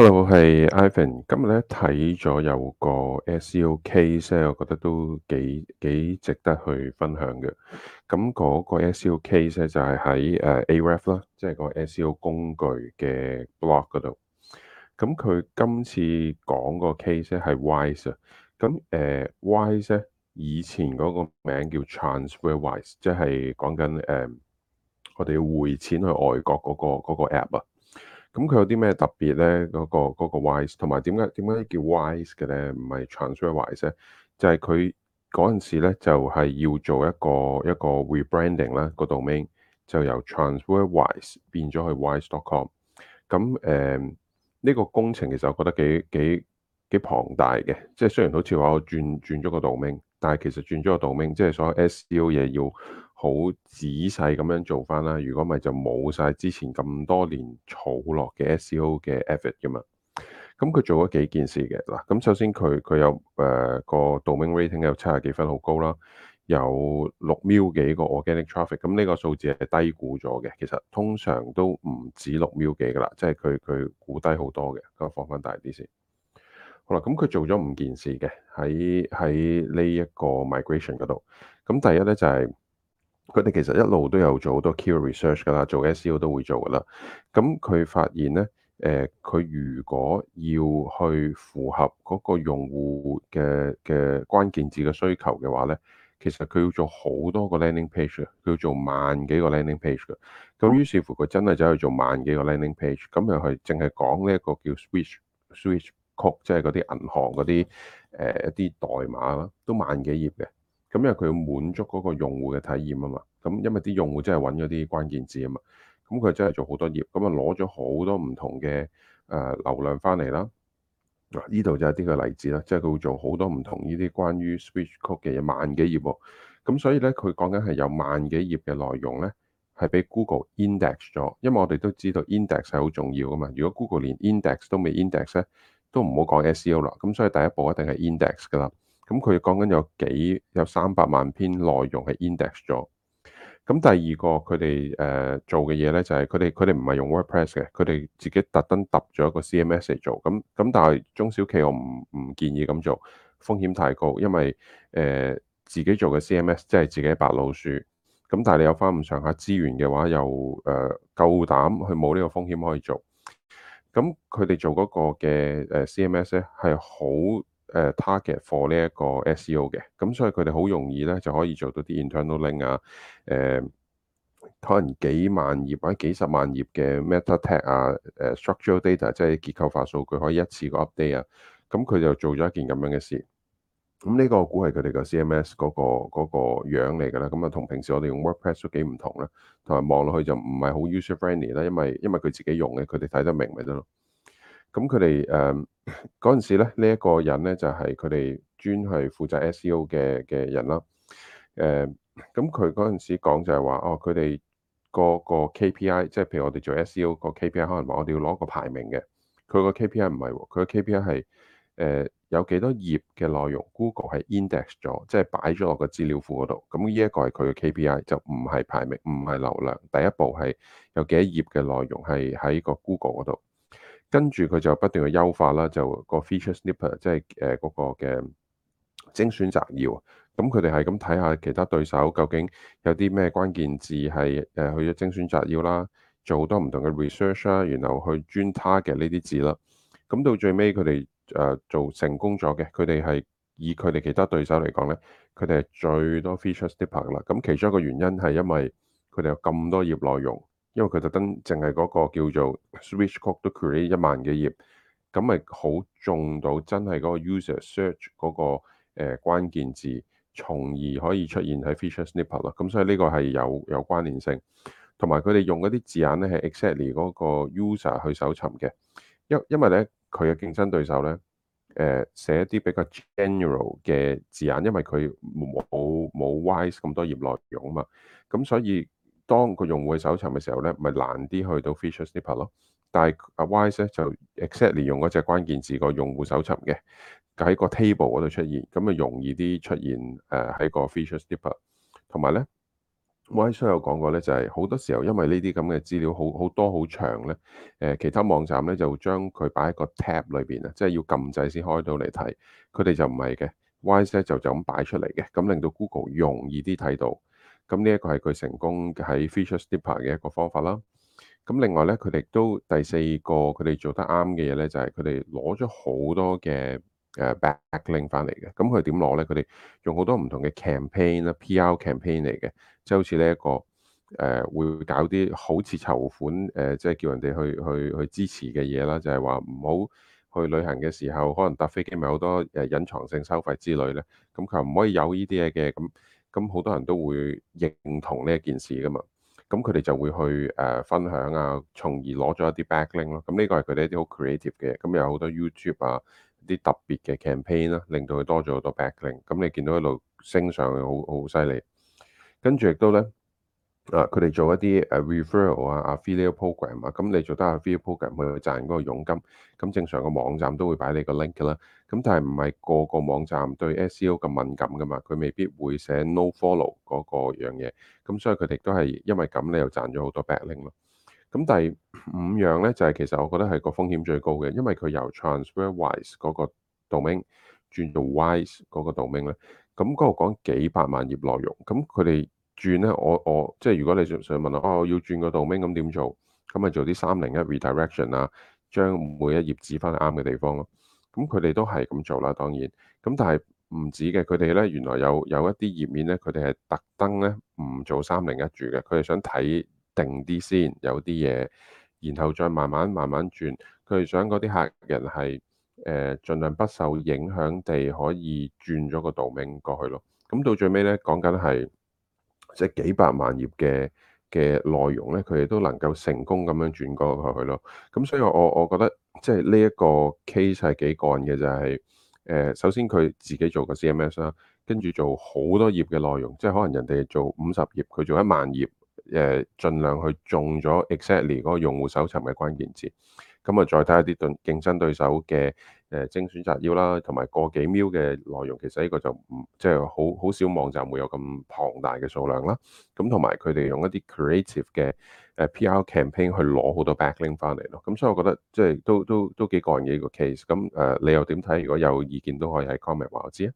hello，我係 Ivan，今日咧睇咗有個 SEO case 咧、啊，我覺得都幾幾值得去分享嘅。咁嗰個 SEO case 咧、啊、就係、是、喺誒、uh, Aref 啦，即係個 SEO 工具嘅 blog 嗰度。咁佢今次講個 case 咧、啊、係 wise 啊，咁誒、uh, wise 咧、啊、以前嗰個名叫 TransferWise，即係講緊誒我哋要匯錢去外國嗰、那個、那個 app 啊。咁佢有啲咩特別咧？嗰個嗰個 wise，同埋點解點解叫 wise 嘅咧？唔係 TransferWise 咧就係佢嗰陣時咧就係要做一個一個 rebranding 啦，個 domain 就由 TransferWise 變咗去 wise.com。咁誒呢個工程其實我覺得幾幾幾龐大嘅，即係雖然好似話我轉轉咗個 domain 但係其實轉咗個 domain 即係所有 SEO 嘢要。好仔細咁樣做翻啦，如果唔係就冇晒之前咁多年儲落嘅 SEO 嘅 effort 噶嘛。咁佢做咗幾件事嘅嗱，咁首先佢佢有誒個 domain rating 有七十幾分，好高啦，有六秒幾個 organic traffic，咁呢個數字係低估咗嘅。其實通常都唔止六秒幾噶啦，即係佢佢估低好多嘅。咁放翻大啲先。好啦，咁佢做咗五件事嘅喺喺呢一個 migration 嗰度。咁第一咧就係、是。佢哋其實一路都有做好多 key research 㗎啦，做 SEO 都會做㗎啦。咁佢發現咧，誒、呃、佢如果要去符合嗰個用戶嘅嘅關鍵字嘅需求嘅話咧，其實佢要做好多個 landing page，叫做萬幾個 landing page 㗎。咁於是乎佢真係走去做萬幾個 landing page，咁又係淨係講呢一個叫 switch switch code，即係嗰啲銀行嗰啲誒一啲代碼啦，都萬幾頁嘅。咁因為佢要滿足嗰個用戶嘅體驗啊嘛，咁因為啲用戶真係揾咗啲關鍵字啊嘛，咁佢真係做好多頁，咁啊攞咗好多唔同嘅誒流量翻嚟啦。嗱，呢度就係啲嘅例子啦，即係佢會做好多唔同呢啲關於 s p e e c h c o p 嘅嘢萬幾頁。咁所以咧佢講緊係有萬幾頁嘅內容咧，係俾 Google index 咗，因為我哋都知道 index 係好重要㗎嘛。如果 Google 連 index 都未 index 咧，都唔好講 SEO 啦。咁所以第一步一定係 index 㗎啦。咁佢講緊有幾有三百萬篇內容係 index 咗。咁第二個佢哋誒做嘅嘢咧，就係佢哋佢哋唔係用 WordPress 嘅，佢哋自己特登揼咗一個 CMS 嚟做。咁咁但係中小企我唔唔建議咁做，風險太高，因為誒、呃、自己做嘅 CMS 即係自己白老鼠。咁但係你有翻咁上下資源嘅話，又誒、呃、夠膽去冇呢個風險可以做。咁佢哋做嗰個嘅誒 CMS 咧係好。誒、啊、target for 呢一個 SEO 嘅，咁所以佢哋好容易咧就可以做到啲 internal link 啊，誒可能幾萬頁或者幾十萬頁嘅 meta tag 啊，誒、啊、structural data 即係結構化數據可以一次過 update 啊，咁佢就做咗一件咁樣嘅事。咁呢個估係佢哋個 CMS 嗰、嗰個嗰樣嚟㗎啦，咁啊同平時我哋用 WordPress 都幾唔同啦，同埋望落去就唔係好 user friendly 啦，因為因為佢自己用嘅，佢哋睇得明咪得咯。咁佢哋誒嗰陣時咧，呢一個人咧就係佢哋專係負責 SEO 嘅嘅人啦。誒，咁佢嗰陣時講就係話，哦，佢哋個個 KPI，即係譬如我哋做 SEO 個 KPI，可能話我哋要攞個排名嘅。佢個 KPI 唔係喎，佢個 KPI 係誒有幾多頁嘅內容 Google 係 index 咗，即係擺咗落個資料庫嗰度。咁呢一個係佢嘅 KPI，就唔係排名，唔係流量。第一步係有幾多頁嘅內容係喺個 Google 嗰度。跟住佢就不斷去優化啦，就個 feature snipper 即係誒嗰個嘅精選摘要。咁佢哋係咁睇下其他對手究竟有啲咩關鍵字係誒去咗精選摘要啦，做好多唔同嘅 research 啦，然後去專門 target 嘅呢啲字啦。咁到最尾佢哋誒做成功咗嘅，佢哋係以佢哋其他對手嚟講咧，佢哋係最多 feature snipper 啦。咁其中一個原因係因為佢哋有咁多頁內容。因為佢特登淨係嗰個叫做 switch code 都 create 一萬嘅頁，咁咪好中到真係嗰個 user search 嗰、嗰個誒、呃、關鍵字，從而可以出現喺 feature snippet 啦。咁所以呢個係有有關聯性，同埋佢哋用嗰啲字眼咧係 exactly 嗰個 user 去搜尋嘅。因因為咧佢嘅競爭對手咧誒寫一啲比較 general 嘅字眼，因為佢冇冇 wise 咁多頁內容啊嘛，咁所以。當個用戶搜尋嘅時候咧，咪難啲去到 feature snippet 咯。但係 wise 咧就 exactly 用嗰隻關鍵字個用戶搜尋嘅，喺個 table 嗰度出現，咁咪容易啲出現誒喺個 feature snippet。同埋咧，wise 有講、嗯、過咧、就是，就係好多時候因為呢啲咁嘅資料好好多好長咧，誒其他網站咧就將佢擺喺個 tab 裏邊啊，即係要撳掣先開到嚟睇。佢哋就唔係嘅，wise 就就咁擺出嚟嘅，咁令到 Google 容易啲睇到。咁呢一個係佢成功喺 feature step 嘅、er、一個方法啦。咁另外咧，佢哋都第四個佢哋做得啱嘅嘢咧，就係佢哋攞咗好多嘅誒 backlink 翻嚟嘅。咁佢點攞咧？佢哋用好多唔同嘅 campaign 啦、PR campaign 嚟嘅，即、就、係、是、好似呢一個誒、呃、會搞啲好似籌款誒，即、呃、係、就是、叫人哋去去去支持嘅嘢啦。就係話唔好去旅行嘅時候，可能搭飛機咪好多誒隱藏性收費之類咧。咁佢又唔可以有呢啲嘢嘅咁。咁好多人都會認同呢一件事㗎嘛，咁佢哋就會去誒分享啊，從而攞咗一啲 backlink 咯。咁呢個係佢哋一啲好 creative 嘅，咁有好多 YouTube 啊，啲特別嘅 campaign 啦，令到佢多咗好多 backlink。咁你見到一路升上去，好好犀利。跟住亦都咧。啊！佢哋做一啲誒 referral 啊 affiliate program 啊，咁你做得下 affiliate program 去賺嗰個佣金，咁正常個網站都會擺你個 link 啦。咁但係唔係個個網站對 SEO 咁敏感噶嘛？佢未必會寫 no follow 嗰個樣嘢。咁所以佢哋都係因為咁，你又賺咗好多 backlink 咯。咁第五樣咧就係、是、其實我覺得係個風險最高嘅，因為佢由 transferwise 嗰個 domain 轉做 wise 嗰個 domain 咧，咁嗰度講幾百萬頁內容，咁佢哋。轉咧，我我即係如果你想想問我，哦，我要轉個 domain 咁點做？咁咪做啲三零一 redirection 啊，將每一頁紙翻去啱嘅地方咯。咁佢哋都係咁做啦，當然咁，但係唔止嘅。佢哋咧原來有有一啲頁面咧，佢哋係特登咧唔做三零一住嘅。佢哋想睇定啲先，有啲嘢，然後再慢慢慢慢轉。佢哋想嗰啲客人係誒、呃、盡量不受影響地可以轉咗個 domain 過去咯。咁到最尾咧，講緊係。即係幾百萬頁嘅嘅內容咧，佢哋都能夠成功咁樣轉過過去咯。咁所以我我覺得即係呢一個 case 係幾個人嘅就係、是、誒、呃，首先佢自己做個 CMS 啦、啊，跟住做好多頁嘅內容，即係可能人哋做五十頁，佢做一萬頁，誒、呃，儘量去中咗 exactly 嗰個用戶搜尋嘅關鍵字。咁啊，再睇下啲對競爭對手嘅誒精選摘要啦，同埋過幾秒嘅內容，其實呢個就唔即係好好少網站會有咁龐大嘅數量啦。咁同埋佢哋用一啲 creative 嘅誒 PR campaign 去攞好多 backlink 返嚟咯。咁所以我覺得即係都都都幾個人嘅一個 case。咁誒，你又點睇？如果有意見，都可以喺 comment 話我知啊。